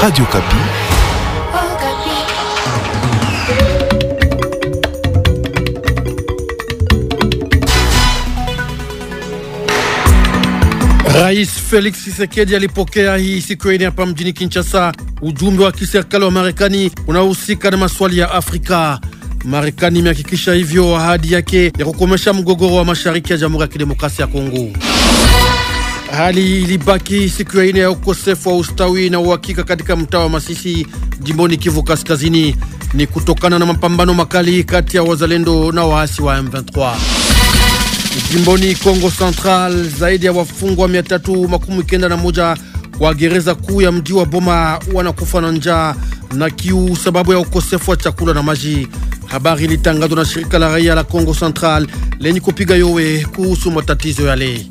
Radio Kapi. Rais Felix Tshisekedi alipokea hii siku ine hapa mjini Kinshasa ujumbe wa kiserikali wa Marekani unaohusika na maswali ya Afrika. Marekani imehakikisha hivyo ahadi yake ya kukomesha mgogoro wa mashariki ya Jamhuri ya Kidemokrasia ya Kongo. Hali ilibaki siku ya ine ya ukosefu wa ustawi na uhakika katika mtaa wa Masisi jimboni Kivu Kaskazini, ni kutokana na mapambano makali kati ya wazalendo na waasi wa M23. Jimboni Kongo Central, zaidi ya wafungwa 391 wa gereza kuu ya mji wa Boma wanakufa na njaa na kiu sababu ya ukosefu wa chakula na maji. Habari ilitangazwa na shirika la raia la Kongo Central lenye kupiga yowe kuhusu matatizo yale.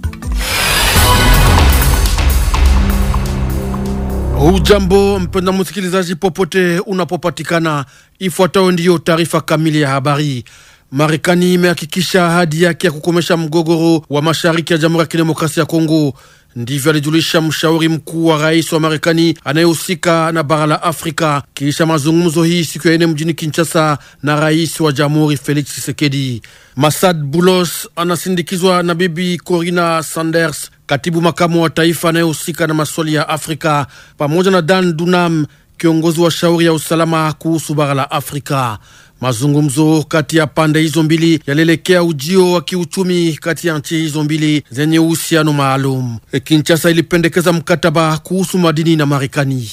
Hujambo mpenda msikilizaji, popote unapopatikana, ifuatayo ndiyo taarifa kamili ya habari. Marekani imehakikisha ahadi yake ya kukomesha mgogoro wa mashariki ya Jamhuri ya Kidemokrasia ya Kongo. Ndivyo alijulisha mshauri mkuu wa rais wa Marekani anayehusika na bara la Afrika kisha mazungumzo hii siku ya ine mjini Kinshasa na rais wa jamhuri Felix Tshisekedi. Masad Bulos anasindikizwa na bibi Corina Sanders, katibu makamu wa taifa anayehusika na maswali ya Afrika, pamoja na Dan Dunam, kiongozi wa shauri ya usalama kuhusu bara la Afrika. Mazungumzo kati ya pande hizo mbili yalielekea ujio wa kiuchumi kati ya nchi hizo mbili zenye uhusiano maalum. Kinshasa ilipendekeza mkataba kuhusu madini na Marekani.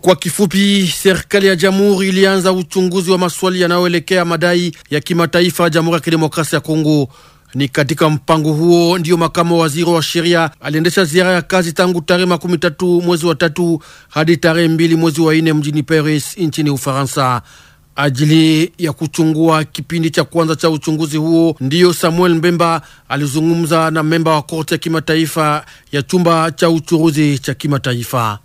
Kwa kifupi, serikali ya jamhuri ilianza uchunguzi wa maswali yanayoelekea madai ya kimataifa ya Jamhuri ya Kidemokrasia ya Kongo. Ni katika mpango huo ndiyo makamu waziri wa sheria aliendesha ziara ya kazi tangu tarehe makumi tatu mwezi wa tatu hadi tarehe mbili mwezi wa nne mjini Paris nchini Ufaransa ajili ya kuchungua kipindi cha kwanza cha uchunguzi huo. Ndiyo Samuel Mbemba alizungumza na memba wa korti ya kimataifa ya chumba cha uchunguzi cha kimataifa.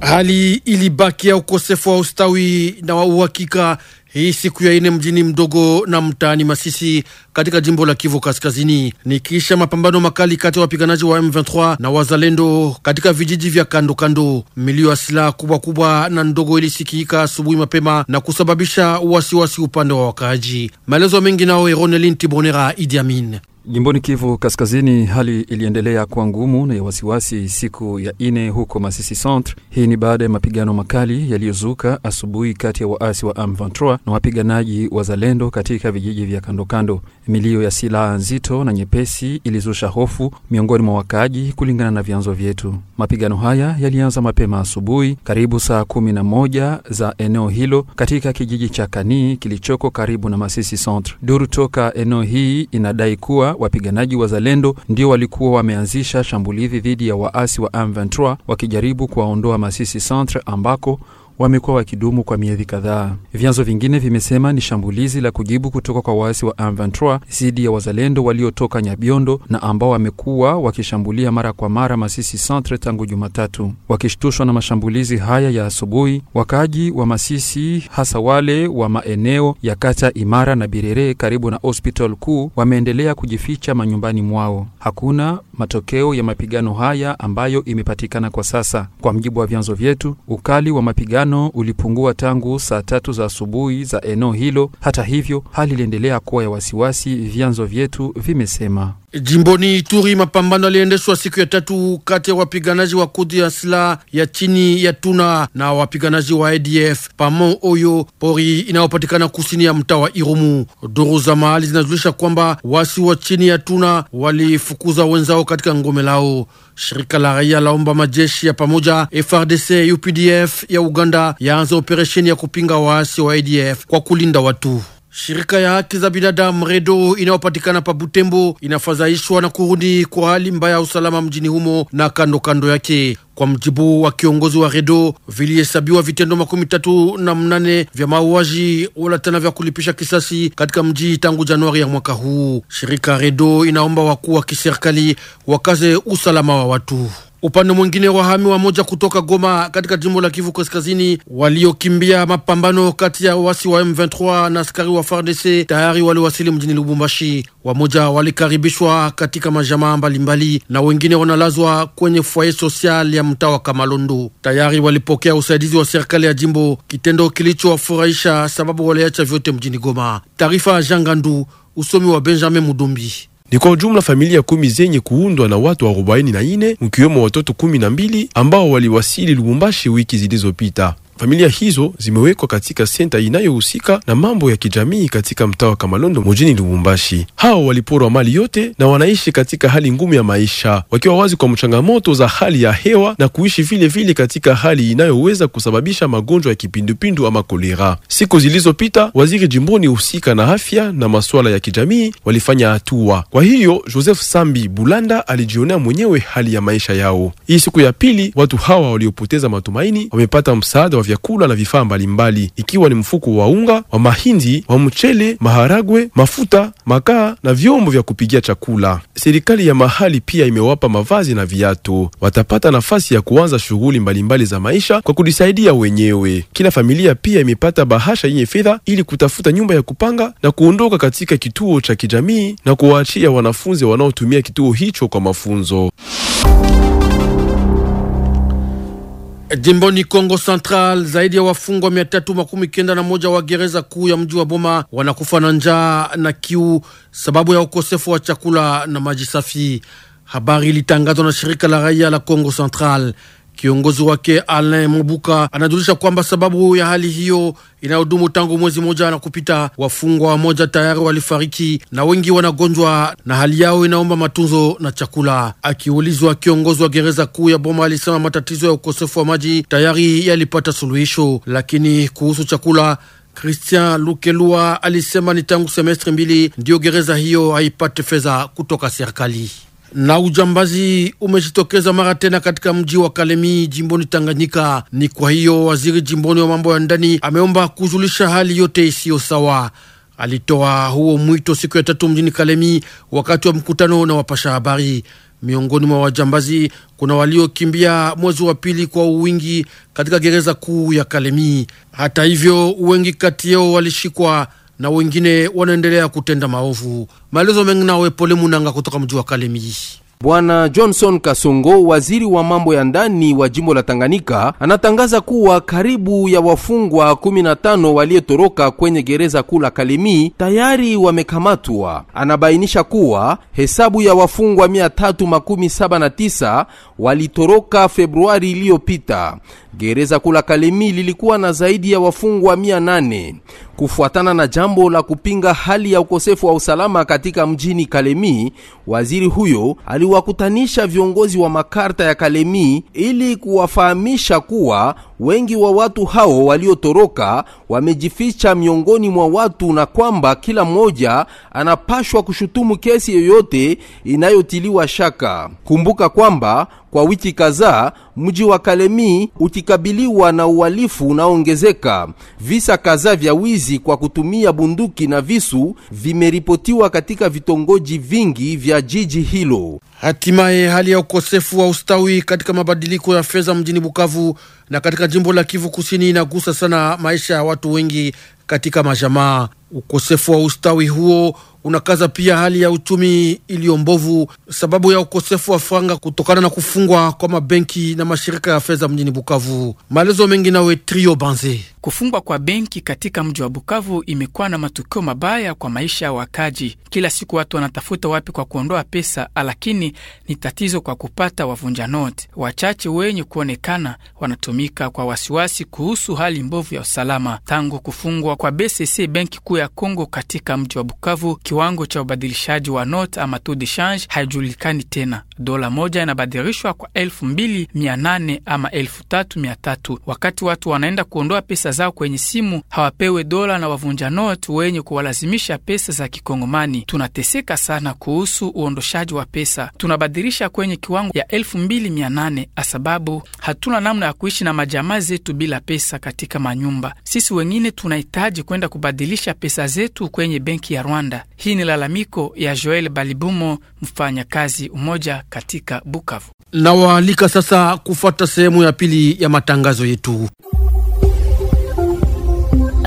Hali ilibaki ya ukosefu wa ustawi na wa uhakika hii siku ya ine mjini mdogo na mtaani Masisi katika jimbo la Kivu Kaskazini, ni kisha mapambano makali kati ya wapiganaji wa M23 na wazalendo katika vijiji vya kando kando. Milio ya silaha kubwa kubwa na ndogo ilisikiika asubuhi mapema na kusababisha wasiwasi wasi upande wa wakaaji. Maelezo mengi nao Eronelin Tibonera Idi Amin. Jimboni Kivu Kaskazini, hali iliendelea kuwa ngumu na ya wasiwasi siku ya ine huko Masisi Centre. Hii ni baada ya mapigano makali yaliyozuka asubuhi kati ya waasi wa M23 na wapiganaji wa Zalendo katika vijiji vya kandokando. Milio ya silaha nzito na nyepesi ilizusha hofu miongoni mwa wakaaji, kulingana na vyanzo vyetu. Mapigano haya yalianza mapema asubuhi karibu saa kumi na moja za eneo hilo katika kijiji cha Kanii kilichoko karibu na Masisi Centre. Duru toka eneo hii inadai kuwa wapiganaji wazalendo ndio walikuwa wameanzisha shambulizi dhidi ya waasi wa M23 wakijaribu kuwaondoa Masisi Centre ambako wamekuwa wakidumu kwa miezi kadhaa. Vyanzo vingine vimesema ni shambulizi la kujibu kutoka kwa waasi wa M23 dhidi ya wazalendo waliotoka Nyabiondo na ambao wamekuwa wakishambulia mara kwa mara Masisi Centre tangu Jumatatu. Wakishtushwa na mashambulizi haya ya asubuhi, wakaaji wa Masisi hasa wale wa maeneo ya kata Imara na Birere karibu na hospital kuu wameendelea kujificha manyumbani mwao. Hakuna matokeo ya mapigano haya ambayo imepatikana kwa sasa. Kwa mjibu wa vyanzo vyetu, ukali wa mapigano mvutano ulipungua tangu saa tatu za asubuhi za eneo hilo. Hata hivyo, hali iliendelea kuwa ya wasiwasi, vyanzo vyetu vimesema. Jimboni Ituri, mapambano yaliendeshwa siku ya tatu kati ya wapiganaji wa kundi ya silaha ya chini ya Tuna na wapiganaji wa ADF pamo Oyo pori inayopatikana kusini ya mtaa wa Irumu. Duru za mahali zinajulisha kwamba wasi wa chini ya Tuna walifukuza wenzao katika ngome lao. Shirika la raia laomba majeshi ya pamoja FRDC, UPDF ya Uganda yaanze operesheni ya kupinga waasi wa ADF kwa kulinda watu. Shirika ya haki za binadamu Redo inayopatikana pa Butembo inafadhaishwa na kurudi kwa hali mbaya ya usalama mjini humo na kando kando yake. Kwa mjibu wa kiongozi wa Redo, vilihesabiwa vitendo makumi tatu na mnane vya mauaji wala tena vya kulipisha kisasi katika mji tangu Januari ya mwaka huu. Shirika Redo inaomba wakuu wa kiserikali wakaze usalama wa watu. Upande mwingine wahami wa moja kutoka Goma katika jimbo la Kivu Kaskazini waliokimbia mapambano kati ya wasi wa M23 na askari wa FARDC tayari waliwasili mjini Lubumbashi. Wamoja walikaribishwa katika majamaa mbalimbali na wengine wanalazwa kwenye foyer social ya mtaa wa Kamalondo. Tayari walipokea usaidizi wa serikali ya jimbo, kitendo kilichowafurahisha sababu waliacha vyote mjini Goma. Taarifa ya Jangandu, usomi wa Benjamin Mudumbi. Ni kwa ujumla familia kumi zenye kuundwa na watu arobaini na nne mkiwemo watoto kumi na mbili ambao waliwasili Lubumbashi wiki zilizopita. Familia hizo zimewekwa katika senta inayohusika na mambo ya kijamii katika mtaa wa Kamalondo mjini Lubumbashi. Hao waliporwa mali yote na wanaishi katika hali ngumu ya maisha, wakiwa wazi kwa mchangamoto za hali ya hewa na kuishi vile vile katika hali inayoweza kusababisha magonjwa ya kipindupindu ama kolera. Siku zilizopita, waziri jimboni husika na afya na masuala ya kijamii walifanya hatua. Kwa hiyo Joseph Sambi Bulanda alijionea mwenyewe hali ya maisha yao. Hii siku ya pili, watu hawa waliopoteza matumaini wamepata msaada wa vyakula na vifaa mbalimbali, ikiwa ni mfuko wa unga wa mahindi, wa mchele, maharagwe, mafuta, makaa na vyombo vya kupigia chakula. Serikali ya mahali pia imewapa mavazi na viatu. Watapata nafasi ya kuanza shughuli mbalimbali za maisha kwa kujisaidia wenyewe. Kila familia pia imepata bahasha yenye fedha ili kutafuta nyumba ya kupanga na kuondoka katika kituo cha kijamii na kuwaachia wanafunzi wanaotumia kituo hicho kwa mafunzo. Jimboni Kongo Central, zaidi ya wafungwa mia tatu makumi kenda na moja wa gereza kuu ya mji wa Boma wanakufa na njaa na kiu sababu ya ukosefu wa chakula na maji safi. Habari ilitangazwa na shirika la raia la Kongo Central. Kiongozi wake Alain mobuka anajulisha kwamba sababu ya hali hiyo inayodumu tangu mwezi moja na kupita, wafungwa moja tayari walifariki na wengi wanagonjwa na hali yao inaomba matunzo na chakula. Akiulizwa, kiongozi wa gereza kuu ya Boma alisema matatizo ya ukosefu wa maji tayari yalipata suluhisho, lakini kuhusu chakula Christian Lukelua alisema ni tangu semestri mbili ndiyo gereza hiyo haipate fedha kutoka serikali na ujambazi umejitokeza mara tena katika mji wa Kalemi jimboni Tanganyika. Ni kwa hiyo waziri jimboni wa mambo ya ndani ameomba kujulisha hali yote isiyo sawa. Alitoa huo mwito siku ya tatu mjini Kalemi wakati wa mkutano na wapasha habari. Miongoni mwa wajambazi kuna waliokimbia mwezi wa pili kwa uwingi katika gereza kuu ya Kalemi. Hata hivyo, wengi kati yao walishikwa na wengine wanaendelea kutenda maovu. Maelezo mengi nawe Pole Munanga kutoka mji wa Kalemi. Bwana Johnson Kasongo, waziri wa mambo ya ndani wa jimbo la Tanganyika, anatangaza kuwa karibu ya wafungwa 15 waliotoroka kwenye gereza kuu la Kalemi tayari wamekamatwa. Anabainisha kuwa hesabu ya wafungwa 379 walitoroka Februari iliyopita, Gereza kuu la Kalemi lilikuwa na zaidi ya wafungwa mia nane kufuatana na jambo la kupinga hali ya ukosefu wa usalama katika mjini Kalemi. Waziri huyo aliwakutanisha viongozi wa makarta ya Kalemi ili kuwafahamisha kuwa Wengi wa watu hao waliotoroka wamejificha miongoni mwa watu, na kwamba kila mmoja anapashwa kushutumu kesi yoyote inayotiliwa shaka. Kumbuka kwamba kwa wiki kadhaa mji wa Kalemi ukikabiliwa na uhalifu unaoongezeka. Visa kadhaa vya wizi kwa kutumia bunduki na visu vimeripotiwa katika vitongoji vingi vya jiji hilo. Hatimaye hali ya ukosefu wa ustawi katika mabadiliko ya fedha mjini Bukavu na katika jimbo la Kivu Kusini inagusa sana maisha ya watu wengi katika majamaa. Ukosefu wa ustawi huo unakaza pia hali ya uchumi iliyo mbovu sababu ya ukosefu wa franga kutokana na kufungwa kwa mabenki na mashirika ya fedha mjini Bukavu. Maelezo mengi nawe Trio Banze. Kufungwa kwa benki katika mji wa Bukavu imekuwa na matukio mabaya kwa maisha ya wakaji. Kila siku watu wanatafuta wapi kwa kuondoa pesa, lakini ni tatizo kwa kupata wavunja noti. Wachache wenye kuonekana wanatumika kwa wasiwasi kuhusu hali mbovu ya usalama tangu kufungwa kwa BCC, benki kuu ya Kongo katika mji wa Bukavu kiwango cha ubadilishaji wa note ama taux de change haijulikani tena. Dola moja inabadilishwa kwa elfu mbili mia nane ama elfu tatu mia tatu. Wakati watu wanaenda kuondoa pesa zao kwenye simu hawapewe dola na wavunja note wenye kuwalazimisha pesa za kikongomani. Tunateseka sana kuhusu uondoshaji wa pesa, tunabadilisha kwenye kiwango ya elfu mbili mia nane sababu hatuna namna ya kuishi na majamaa zetu bila pesa katika manyumba. Sisi wengine tunahitaji kwenda kubadilisha pesa zetu kwenye benki ya Rwanda. Hii ni lalamiko ya Joel Balibumo, mfanyakazi umoja katika Bukavu. Nawaalika sasa kufuata sehemu ya pili ya matangazo yetu.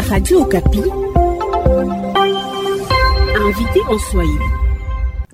Radio Okapi, invité en Swahili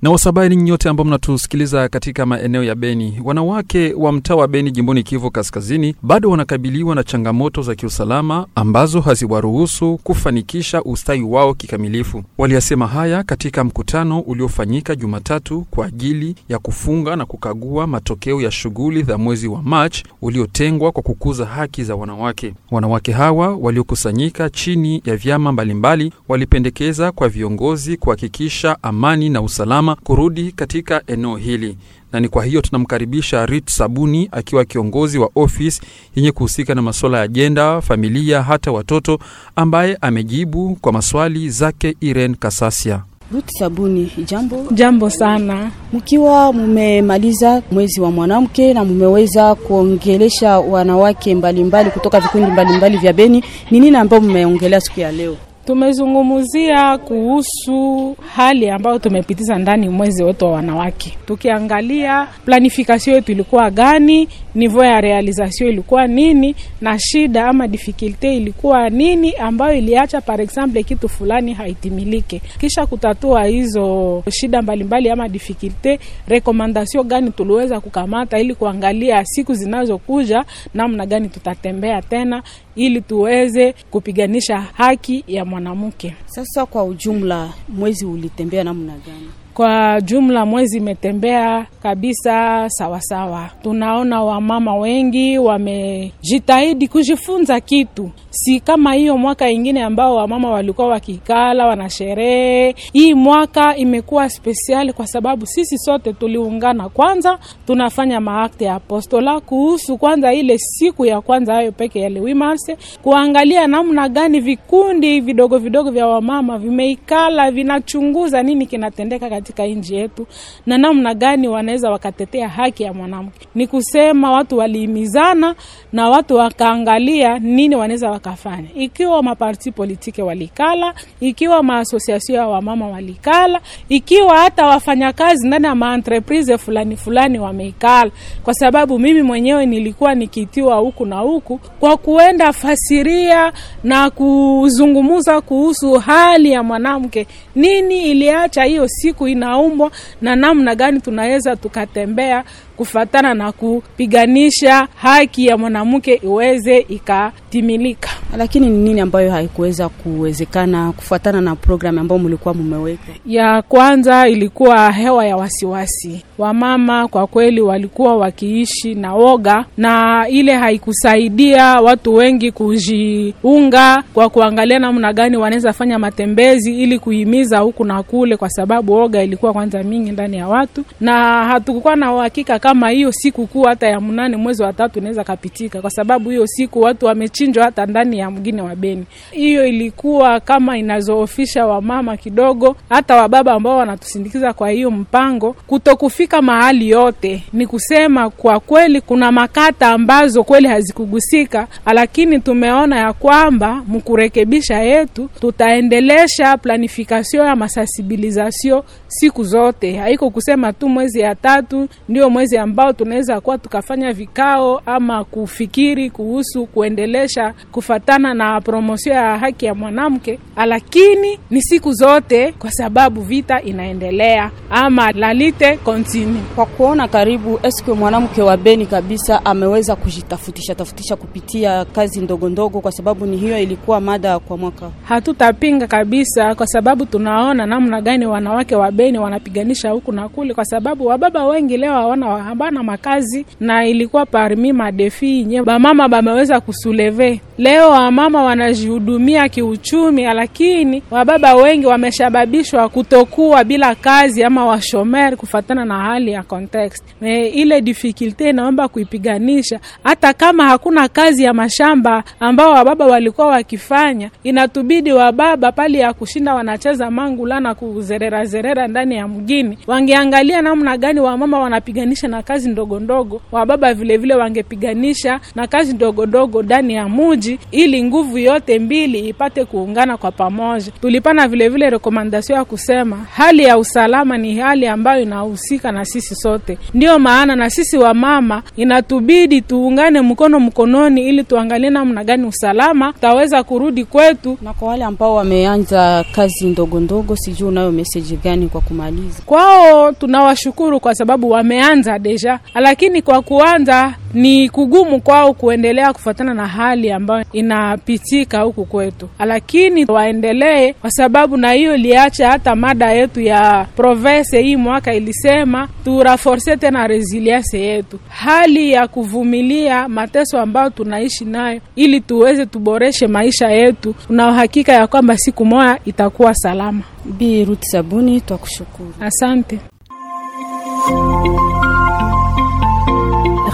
na wasabari nyote ambao mnatusikiliza katika maeneo ya Beni, wanawake wa mtaa wa Beni jimboni Kivu Kaskazini bado wanakabiliwa na changamoto za kiusalama ambazo haziwaruhusu kufanikisha ustawi wao kikamilifu. Waliyasema haya katika mkutano uliofanyika Jumatatu kwa ajili ya kufunga na kukagua matokeo ya shughuli za mwezi wa Machi uliotengwa kwa kukuza haki za wanawake. Wanawake hawa waliokusanyika chini ya vyama mbalimbali walipendekeza kwa viongozi kuhakikisha amani na usalama usalama kurudi katika eneo hili na ni kwa hiyo tunamkaribisha Rit Sabuni akiwa kiongozi wa ofisi yenye kuhusika na masuala ya ajenda, familia, hata watoto, ambaye amejibu kwa maswali zake Irene Kasasia. Ruth Sabuni, jambo. Jambo sana. Mkiwa mumemaliza mwezi wa mwanamke na mumeweza kuongelesha wanawake mbalimbali mbali kutoka vikundi mbalimbali mbali vya Beni, ni nini ambayo mmeongelea siku ya leo? Tumezungumzia kuhusu hali ambayo tumepitiza ndani mwezi wetu wa wanawake, tukiangalia planifikasio yetu ilikuwa gani, nivo ya realizasio ilikuwa nini, na shida ama difikulte ilikuwa nini, ambayo iliacha par example kitu fulani haitimilike. Kisha kutatua hizo shida mbalimbali mbali ama difikulte, rekomandasio gani tuliweza kukamata ili kuangalia siku zinazokuja namna gani tutatembea tena, ili tuweze kupiganisha haki ya mwana mwanamke. Sasa kwa ujumla, mwezi ulitembea namna gani? Kwa jumla mwezi imetembea kabisa sawasawa sawa. Tunaona wamama wengi wamejitahidi kujifunza kitu, si kama hiyo mwaka ingine ambao wamama walikuwa wakikala wanasherehe. Hii mwaka imekuwa spesiali kwa sababu sisi sote tuliungana. Kwanza tunafanya maakte ya apostola kuhusu kwanza ile siku ya kwanza hayo peke yale wimarse, kuangalia namna gani vikundi vidogo vidogo vya wamama vimeikala vinachunguza nini kinatendeka katika katika nchi yetu na namna gani wanaweza wakatetea haki ya mwanamke. Ni kusema watu walihimizana na watu wakaangalia nini wanaweza wakafanya, ikiwa maparti politike walikala, ikiwa maasosiasio ya wamama walikala, ikiwa hata wafanyakazi ndani ya maentreprise fulani fulani wameikala, kwa sababu mimi mwenyewe nilikuwa nikitiwa huku na huku kwa kuenda fasiria na kuzungumza kuhusu hali ya mwanamke, nini iliacha hiyo siku inaumbwa na namna gani tunaweza tukatembea kufatana na kupiganisha haki ya mwanamke iweze ikatimilika. Lakini ni nini ambayo haikuweza kuwezekana kufuatana na programu ambayo mlikuwa mmeweka? Ya kwanza ilikuwa hewa ya wasiwasi. Wamama kwa kweli walikuwa wakiishi na woga, na ile haikusaidia watu wengi kujiunga kwa kuangalia namna gani wanaweza fanya matembezi ili kuhimiza huku na kule, kwa sababu woga ilikuwa kwanza mingi ndani ya watu na hatukuwa na uhakika kama hiyo siku kuu hata ya mnane mwezi wa tatu inaweza kapitika, kwa sababu hiyo siku watu wamechinjwa hata ndani ya mgine wa Beni. Hiyo ilikuwa kama inazoofisha wamama kidogo, hata wababa ambao wanatusindikiza kwa hiyo mpango, kutokufika mahali yote. Ni kusema kwa kweli, kuna makata ambazo kweli hazikugusika, lakini tumeona ya kwamba mkurekebisha yetu tutaendelesha planifikasio ya masasibilizasio siku zote, haiko kusema tu mwezi ya tatu ndio mwezi ambao tunaweza kuwa tukafanya vikao ama kufikiri kuhusu kuendelesha kufatana na promosio ya haki ya mwanamke, lakini ni siku zote, kwa sababu vita inaendelea ama lalite kontini Kwa kuona karibu eske mwanamke wa Beni kabisa ameweza kujitafutisha tafutisha kupitia kazi ndogo ndogo, kwa sababu ni hiyo ilikuwa mada kwa mwaka. Hatutapinga kabisa, kwa sababu tunaona namna gani wanawake wa Beni wanapiganisha huku na kule, kwa sababu wababa wengi leo hawana habana makazi, na ilikuwa parmi madefi nye bamama bameweza kusuleve. Leo wamama wanajihudumia kiuchumi, lakini wababa wengi wameshababishwa kutokuwa bila kazi ama washomer kufatana na hali ya context. Me ile difficulty inaomba kuipiganisha, hata kama hakuna kazi ya mashamba ambao wababa walikuwa wakifanya, inatubidi wababa pali ya kushinda wanacheza mangula na kuzerera zerera ndani ya mgini, wangeangalia namna gani wamama wanapiganisha na na kazi ndogo ndogo, wababa vilevile wangepiganisha na kazi ndogo ndogo ndani ya muji, ili nguvu yote mbili ipate kuungana kwa pamoja. Tulipana vilevile rekomandasio ya kusema hali ya usalama ni hali ambayo inahusika na sisi sote, ndiyo maana na sisi wamama inatubidi tuungane mkono mkononi, ili tuangalie namna gani usalama taweza kurudi kwetu. Na kwa wale ambao wameanza kazi ndogo ndogo, sijui unayo meseji gani kwa kumaliza kwao? Tunawashukuru kwa sababu wameanza deja, lakini kwa kuanza ni kugumu kwao kuendelea kufuatana na hali ambayo inapitika huku kwetu, lakini waendelee kwa sababu na hiyo iliacha hata mada yetu ya provense hii mwaka ilisema turaforce tena resilience yetu, hali ya kuvumilia mateso ambayo tunaishi nayo, ili tuweze tuboreshe maisha yetu. na uhakika ya kwamba siku moja itakuwa salama. Bi Ruth Sabuni, twakushukuru, asante.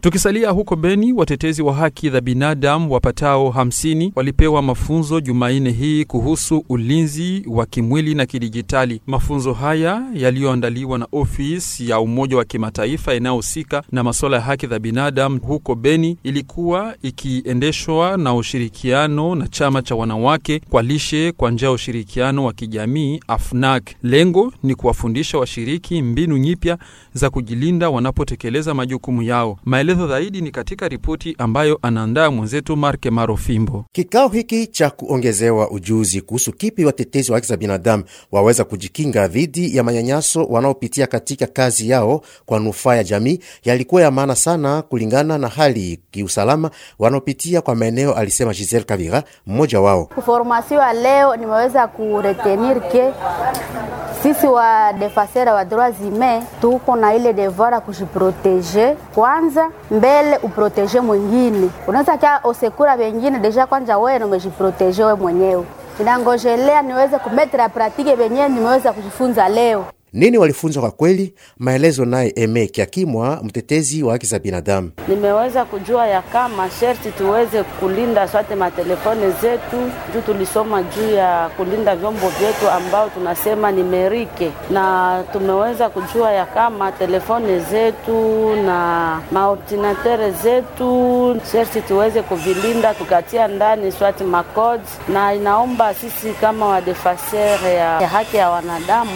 Tukisalia huko Beni, watetezi wa haki za binadamu wapatao hamsini walipewa mafunzo Jumanne hii kuhusu ulinzi wa kimwili na kidijitali. Mafunzo haya yaliyoandaliwa na ofisi ya Umoja wa Kimataifa inayohusika na masuala ya haki za binadamu huko Beni ilikuwa ikiendeshwa na ushirikiano na chama cha wanawake kwa lishe kwa njia ya ushirikiano wa kijamii AFNAK. Lengo ni kuwafundisha washiriki mbinu nyipya za kujilinda wanapotekeleza majukumu yao Maele Maelezo zaidi ni katika ripoti ambayo anaandaa mwenzetu Marke Marofimbo. Kikao hiki cha kuongezewa ujuzi kuhusu kipi watetezi wa haki za binadamu waweza kujikinga dhidi ya manyanyaso wanaopitia katika kazi yao kwa nufaa ya jamii yalikuwa ya maana sana, kulingana na hali kiusalama wanaopitia kwa maeneo, alisema Giselle Kavira, mmoja wao. Kuformasio ya leo nimeweza kuretenir ke sisi wa defasera wa droits humains tuko na ile devoir ya kujiproteje kwanza mbele uproteje mwingine. Unaweza kia osekura wengine deja, kwanja wewe umejiproteje wewe mwenyewe. Inangojelea niweze kumetre a pratike venyewe nimeweza kujifunza leo. Nini walifunzwa kwa kweli? Maelezo naye Eme Kiakimwa, mtetezi wa haki za binadamu. Nimeweza kujua ya kama sherti tuweze kulinda swate matelefone zetu, juu tulisoma juu ya kulinda vyombo vyetu ambao tunasema ni merike, na tumeweza kujua ya kama telefone zetu na maordinatere zetu sherti tuweze kuvilinda, tukatia ndani swati makodi na inaomba sisi kama wadefasere ya haki ya wanadamu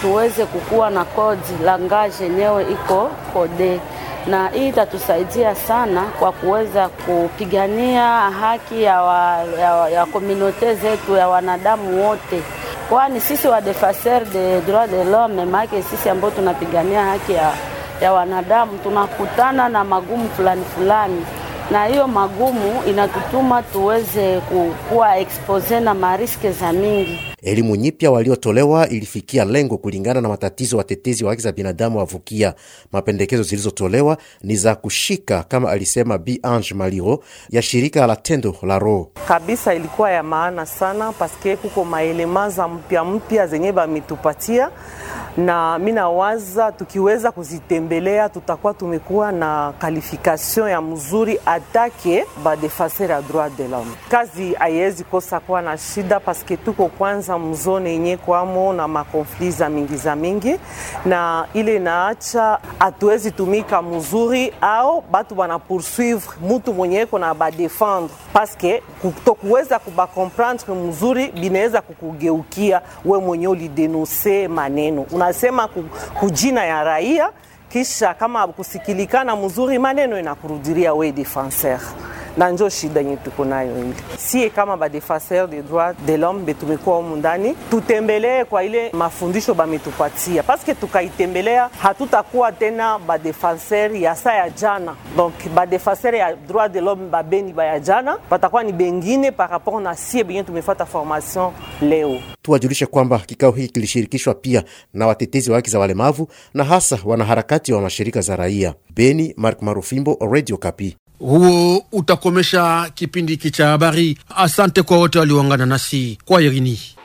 tuweze kukuwa na kodi langage yenyewe iko kode, na hii itatusaidia sana kwa kuweza kupigania haki ya, wa, ya, ya komunote zetu ya wanadamu wote, kwani sisi wa defenseur de droit de l'homme make sisi ambao tunapigania haki ya, ya wanadamu tunakutana na magumu fulani fulani na hiyo magumu inatutuma tuweze kukuwa expose na mariske za mingi elimu nyipya waliotolewa ilifikia lengo kulingana na matatizo watetezi wa haki za binadamu wavukia. Mapendekezo zilizotolewa ni za kushika, kama alisema Bi Ange Maliro ya shirika la Tendo la Ro. Kabisa ilikuwa ya maana sana paske kuko maelema za mpya mpya zenye bametupatia, na mi nawaza tukiweza kuzitembelea tutakuwa tumekuwa na kalifikasio ya mzuri atake badefaser ya droit de l'homme. Kazi haiwezi kosa kuwa na shida paske tuko kwanza inaongeza mzone yenye kwamo na makonfli za mingi za mingi, na ile inaacha hatuwezi tumika mzuri, au batu wana poursuivre mutu mwenyeko na badefendre paske kutokuweza kubakomprendre mzuri binaweza kukugeukia we mwenye ulidenonse maneno unasema kujina ya raia kisha kama kusikilikana mzuri, maneno inakurudiria we defenseur na njo shida yenye tuko nayo ile. Sie kama ba defenseur des droits de l'homme betumekuwa humu ndani, tutembelee kwa ile mafundisho bametupatia, paske tukaitembelea hatutakuwa tena ba defenseur ya saa ya jana. Donc ba defenseur ya droit de l'homme babeni ba ya jana patakuwa ni bengine par rapport na sie benye tumefata formation leo. Tuwajulishe kwamba kikao hiki kilishirikishwa pia na watetezi wa haki za walemavu na hasa wanaharakati wanaharakati wa mashirika za raia. Beni, Mark Marufimbo, Radio Kapi. Huo utakomesha kipindi hiki cha habari. Asante kwa wote walioungana nasi kwa Irini.